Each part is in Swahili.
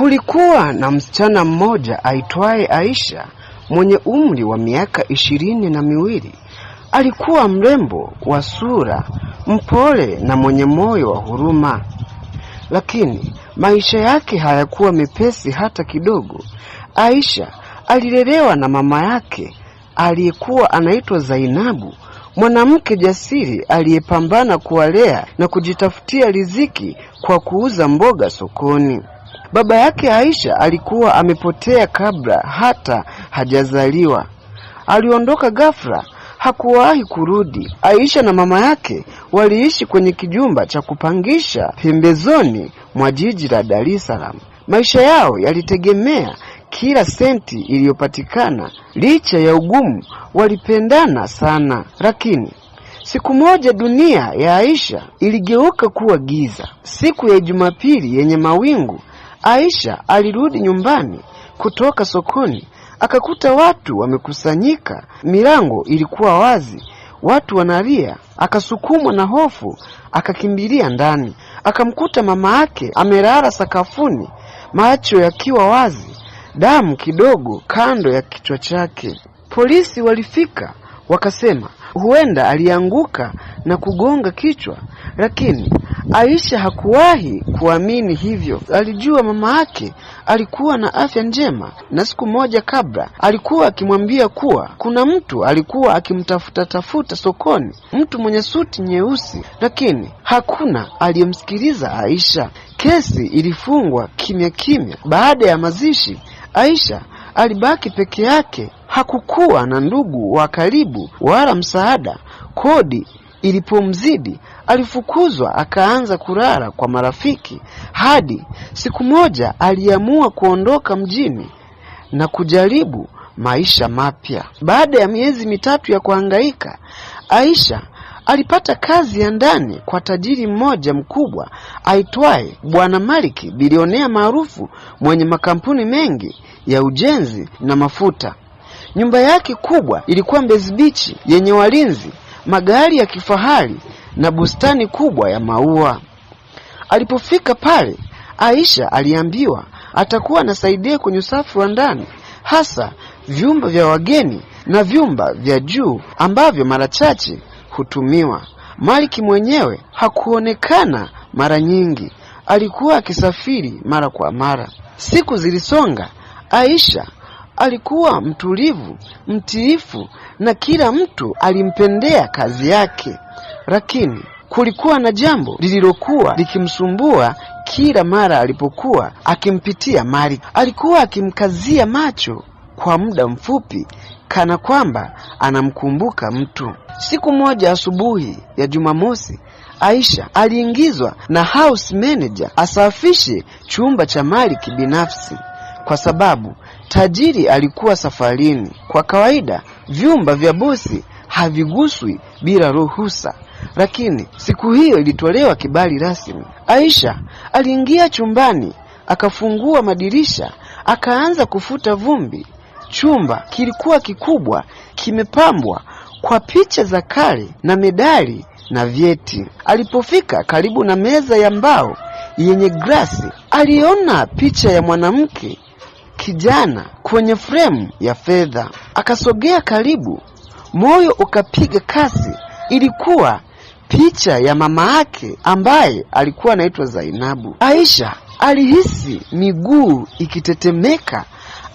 Kulikuwa na msichana mmoja aitwaye Aisha mwenye umri wa miaka ishirini na miwili. Alikuwa mrembo wa sura, mpole na mwenye moyo wa huruma, lakini maisha yake hayakuwa mepesi hata kidogo. Aisha alilelewa na mama yake aliyekuwa anaitwa Zainabu, mwanamke jasiri aliyepambana kuwalea na kujitafutia riziki kwa kuuza mboga sokoni. Baba yake Aisha alikuwa amepotea kabla hata hajazaliwa. Aliondoka ghafla, hakuwahi kurudi. Aisha na mama yake waliishi kwenye kijumba cha kupangisha pembezoni mwa jiji la Dar es Salaam. Maisha yao yalitegemea kila senti iliyopatikana. Licha ya ugumu, walipendana sana. Lakini siku moja dunia ya Aisha iligeuka kuwa giza. Siku ya Jumapili yenye mawingu Aisha alirudi nyumbani kutoka sokoni akakuta watu wamekusanyika, milango ilikuwa wazi, watu wanalia. Akasukumwa na hofu akakimbilia ndani, akamkuta mama yake amelala sakafuni, macho yakiwa wazi, damu kidogo kando ya kichwa chake. Polisi walifika wakasema Huenda alianguka na kugonga kichwa, lakini Aisha hakuwahi kuamini hivyo. Alijua mama yake alikuwa na afya njema, na siku moja kabla alikuwa akimwambia kuwa kuna mtu alikuwa akimtafuta tafuta sokoni, mtu mwenye suti nyeusi, lakini hakuna aliyemsikiliza Aisha. Kesi ilifungwa kimya kimya. Baada ya mazishi, Aisha alibaki peke yake hakukuwa na ndugu wa karibu wala msaada. Kodi ilipomzidi alifukuzwa, akaanza kulala kwa marafiki, hadi siku moja aliamua kuondoka mjini na kujaribu maisha mapya. Baada ya miezi mitatu ya kuhangaika, Aisha alipata kazi ya ndani kwa tajiri mmoja mkubwa aitwaye Bwana Maliki, bilionea maarufu mwenye makampuni mengi ya ujenzi na mafuta. Nyumba yake kubwa ilikuwa Mbezi Beach yenye walinzi, magari ya kifahari na bustani kubwa ya maua. Alipofika pale, Aisha aliambiwa atakuwa anasaidia kwenye usafi wa ndani, hasa vyumba vya wageni na vyumba vya juu ambavyo mara chache hutumiwa. Maliki mwenyewe hakuonekana mara nyingi, alikuwa akisafiri mara kwa mara. Siku zilisonga, Aisha Alikuwa mtulivu, mtiifu na kila mtu alimpendea kazi yake, lakini kulikuwa na jambo lililokuwa likimsumbua kila mara alipokuwa akimpitia Malik. Alikuwa akimkazia macho kwa muda mfupi, kana kwamba anamkumbuka mtu. Siku moja asubuhi ya Jumamosi, Aisha aliingizwa na house manager asafishe chumba cha Malik binafsi kwa sababu tajiri alikuwa safarini. Kwa kawaida vyumba vya bosi haviguswi bila ruhusa, lakini siku hiyo ilitolewa kibali rasmi. Aisha aliingia chumbani, akafungua madirisha, akaanza kufuta vumbi. Chumba kilikuwa kikubwa, kimepambwa kwa picha za kale na medali na vyeti. Alipofika karibu na meza ya mbao yenye glasi, aliona picha ya mwanamke kijana kwenye fremu ya fedha. Akasogea karibu, moyo ukapiga kasi. Ilikuwa picha ya mama yake ambaye alikuwa anaitwa Zainabu. Aisha alihisi miguu ikitetemeka,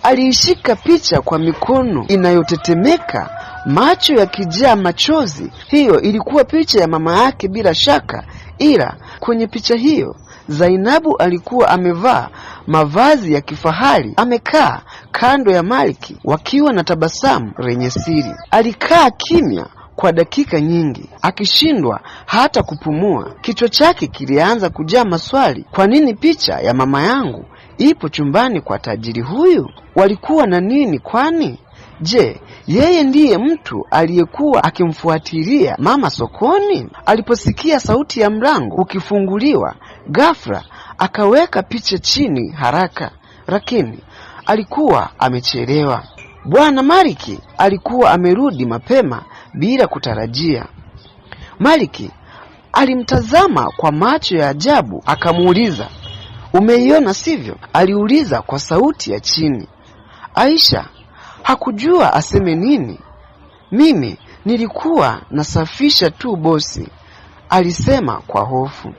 aliishika picha kwa mikono inayotetemeka, macho yakijaa machozi. Hiyo ilikuwa picha ya mama yake bila shaka, ila kwenye picha hiyo Zainabu alikuwa amevaa mavazi ya kifahari, amekaa kando ya Maliki wakiwa na tabasamu lenye siri. Alikaa kimya kwa dakika nyingi akishindwa hata kupumua. Kichwa chake kilianza kujaa maswali. Kwa nini picha ya mama yangu ipo chumbani kwa tajiri huyu? Walikuwa na nini kwani? Je, yeye ndiye mtu aliyekuwa akimfuatilia mama sokoni? Aliposikia sauti ya mlango ukifunguliwa ghafla, akaweka picha chini haraka, lakini alikuwa amechelewa. Bwana Maliki alikuwa amerudi mapema bila kutarajia. Maliki alimtazama kwa macho ya ajabu, akamuuliza, umeiona sivyo? Aliuliza kwa sauti ya chini. Aisha Hakujua aseme nini. Mimi nilikuwa nasafisha tu bosi, alisema kwa hofu.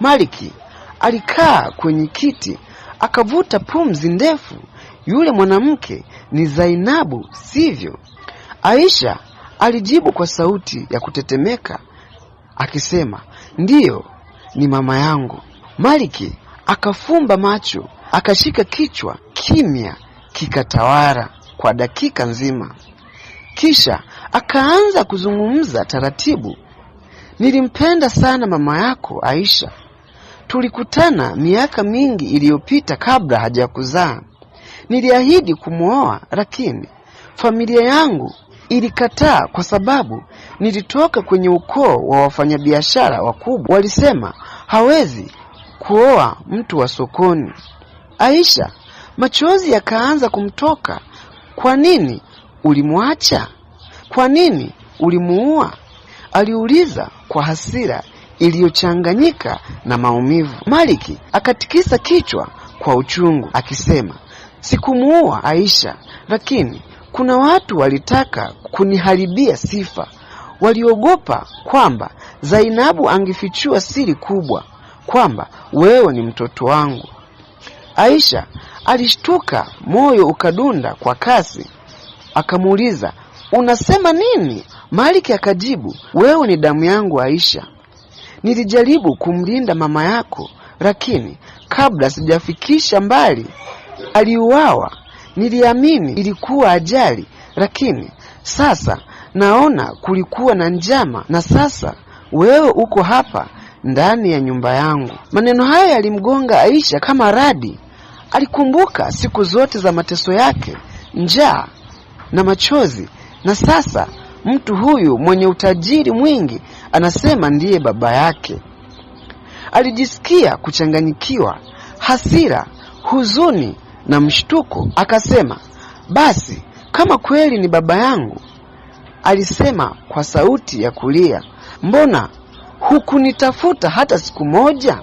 Maliki alikaa kwenye kiti akavuta pumzi ndefu. Yule mwanamke ni Zainabu, sivyo? Aisha alijibu kwa sauti ya kutetemeka akisema, ndiyo, ni mama yangu. Maliki akafumba macho, akashika kichwa, kimya kikatawala kwa dakika nzima, kisha akaanza kuzungumza taratibu. Nilimpenda sana mama yako Aisha, tulikutana miaka mingi iliyopita kabla hajakuzaa. Niliahidi kumwoa, lakini familia yangu ilikataa kwa sababu nilitoka kwenye ukoo wa wafanyabiashara wakubwa. Walisema hawezi kuoa mtu wa sokoni. Aisha, machozi yakaanza kumtoka kwa nini ulimwacha? Kwa nini ulimuua? aliuliza kwa hasira iliyochanganyika na maumivu. Maliki akatikisa kichwa kwa uchungu akisema, sikumuua Aisha, lakini kuna watu walitaka kuniharibia sifa. Waliogopa kwamba Zainabu angefichua siri kubwa kwamba wewe ni mtoto wangu. Aisha Alishtuka, moyo ukadunda kwa kasi. Akamuuliza, unasema nini? Maliki akajibu, wewe ni damu yangu Aisha, nilijaribu kumlinda mama yako, lakini kabla sijafikisha mbali aliuawa. Niliamini ilikuwa ajali, lakini sasa naona kulikuwa na njama, na sasa wewe uko hapa ndani ya nyumba yangu. Maneno hayo yalimgonga Aisha kama radi. Alikumbuka siku zote za mateso yake, njaa na machozi, na sasa mtu huyu mwenye utajiri mwingi anasema ndiye baba yake. Alijisikia kuchanganyikiwa, hasira, huzuni na mshtuko. Akasema, basi kama kweli ni baba yangu, alisema kwa sauti ya kulia, mbona hukunitafuta hata siku moja?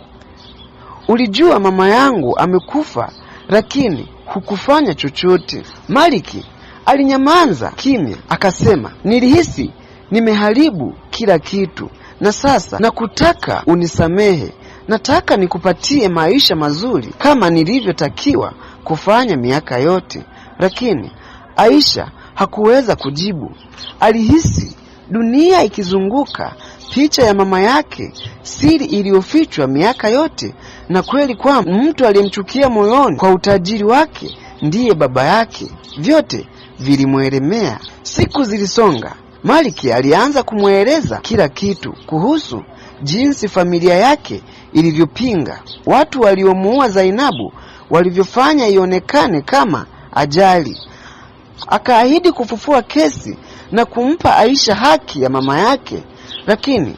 Ulijua mama yangu amekufa, lakini hukufanya chochote. Maliki alinyamanza kimya, akasema, nilihisi nimeharibu kila kitu, na sasa nakutaka unisamehe. Nataka nikupatie maisha mazuri kama nilivyotakiwa kufanya miaka yote. Lakini Aisha hakuweza kujibu. Alihisi dunia ikizunguka picha ya mama yake, siri iliyofichwa miaka yote, na kweli kwamba mtu aliyemchukia moyoni kwa utajiri wake ndiye baba yake. Vyote vilimwelemea. Siku zilisonga, Maliki alianza kumweleza kila kitu kuhusu jinsi familia yake ilivyopinga, watu waliomuua Zainabu walivyofanya ionekane kama ajali. Akaahidi kufufua kesi na kumpa Aisha haki ya mama yake lakini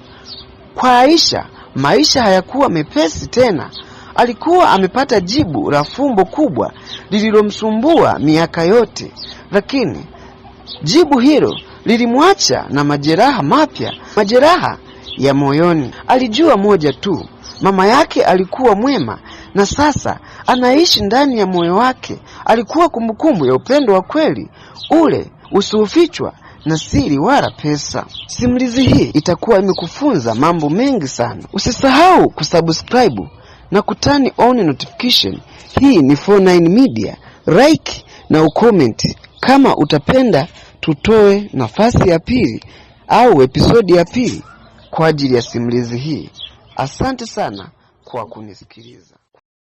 kwa Aisha maisha hayakuwa mepesi tena. Alikuwa amepata jibu la fumbo kubwa lililomsumbua miaka yote, lakini jibu hilo lilimwacha na majeraha mapya, majeraha ya moyoni. Alijua moja tu, mama yake alikuwa mwema na sasa anaishi ndani ya moyo wake. Alikuwa kumbukumbu ya upendo wa kweli, ule usiofichwa na siri wala pesa. Simulizi hii itakuwa imekufunza mambo mengi sana. Usisahau kusubscribe na kutani on notification. Hii ni 49 Media, like na ucomment kama utapenda tutoe nafasi ya pili au episodi ya pili kwa ajili ya simulizi hii. Asante sana kwa kunisikiliza.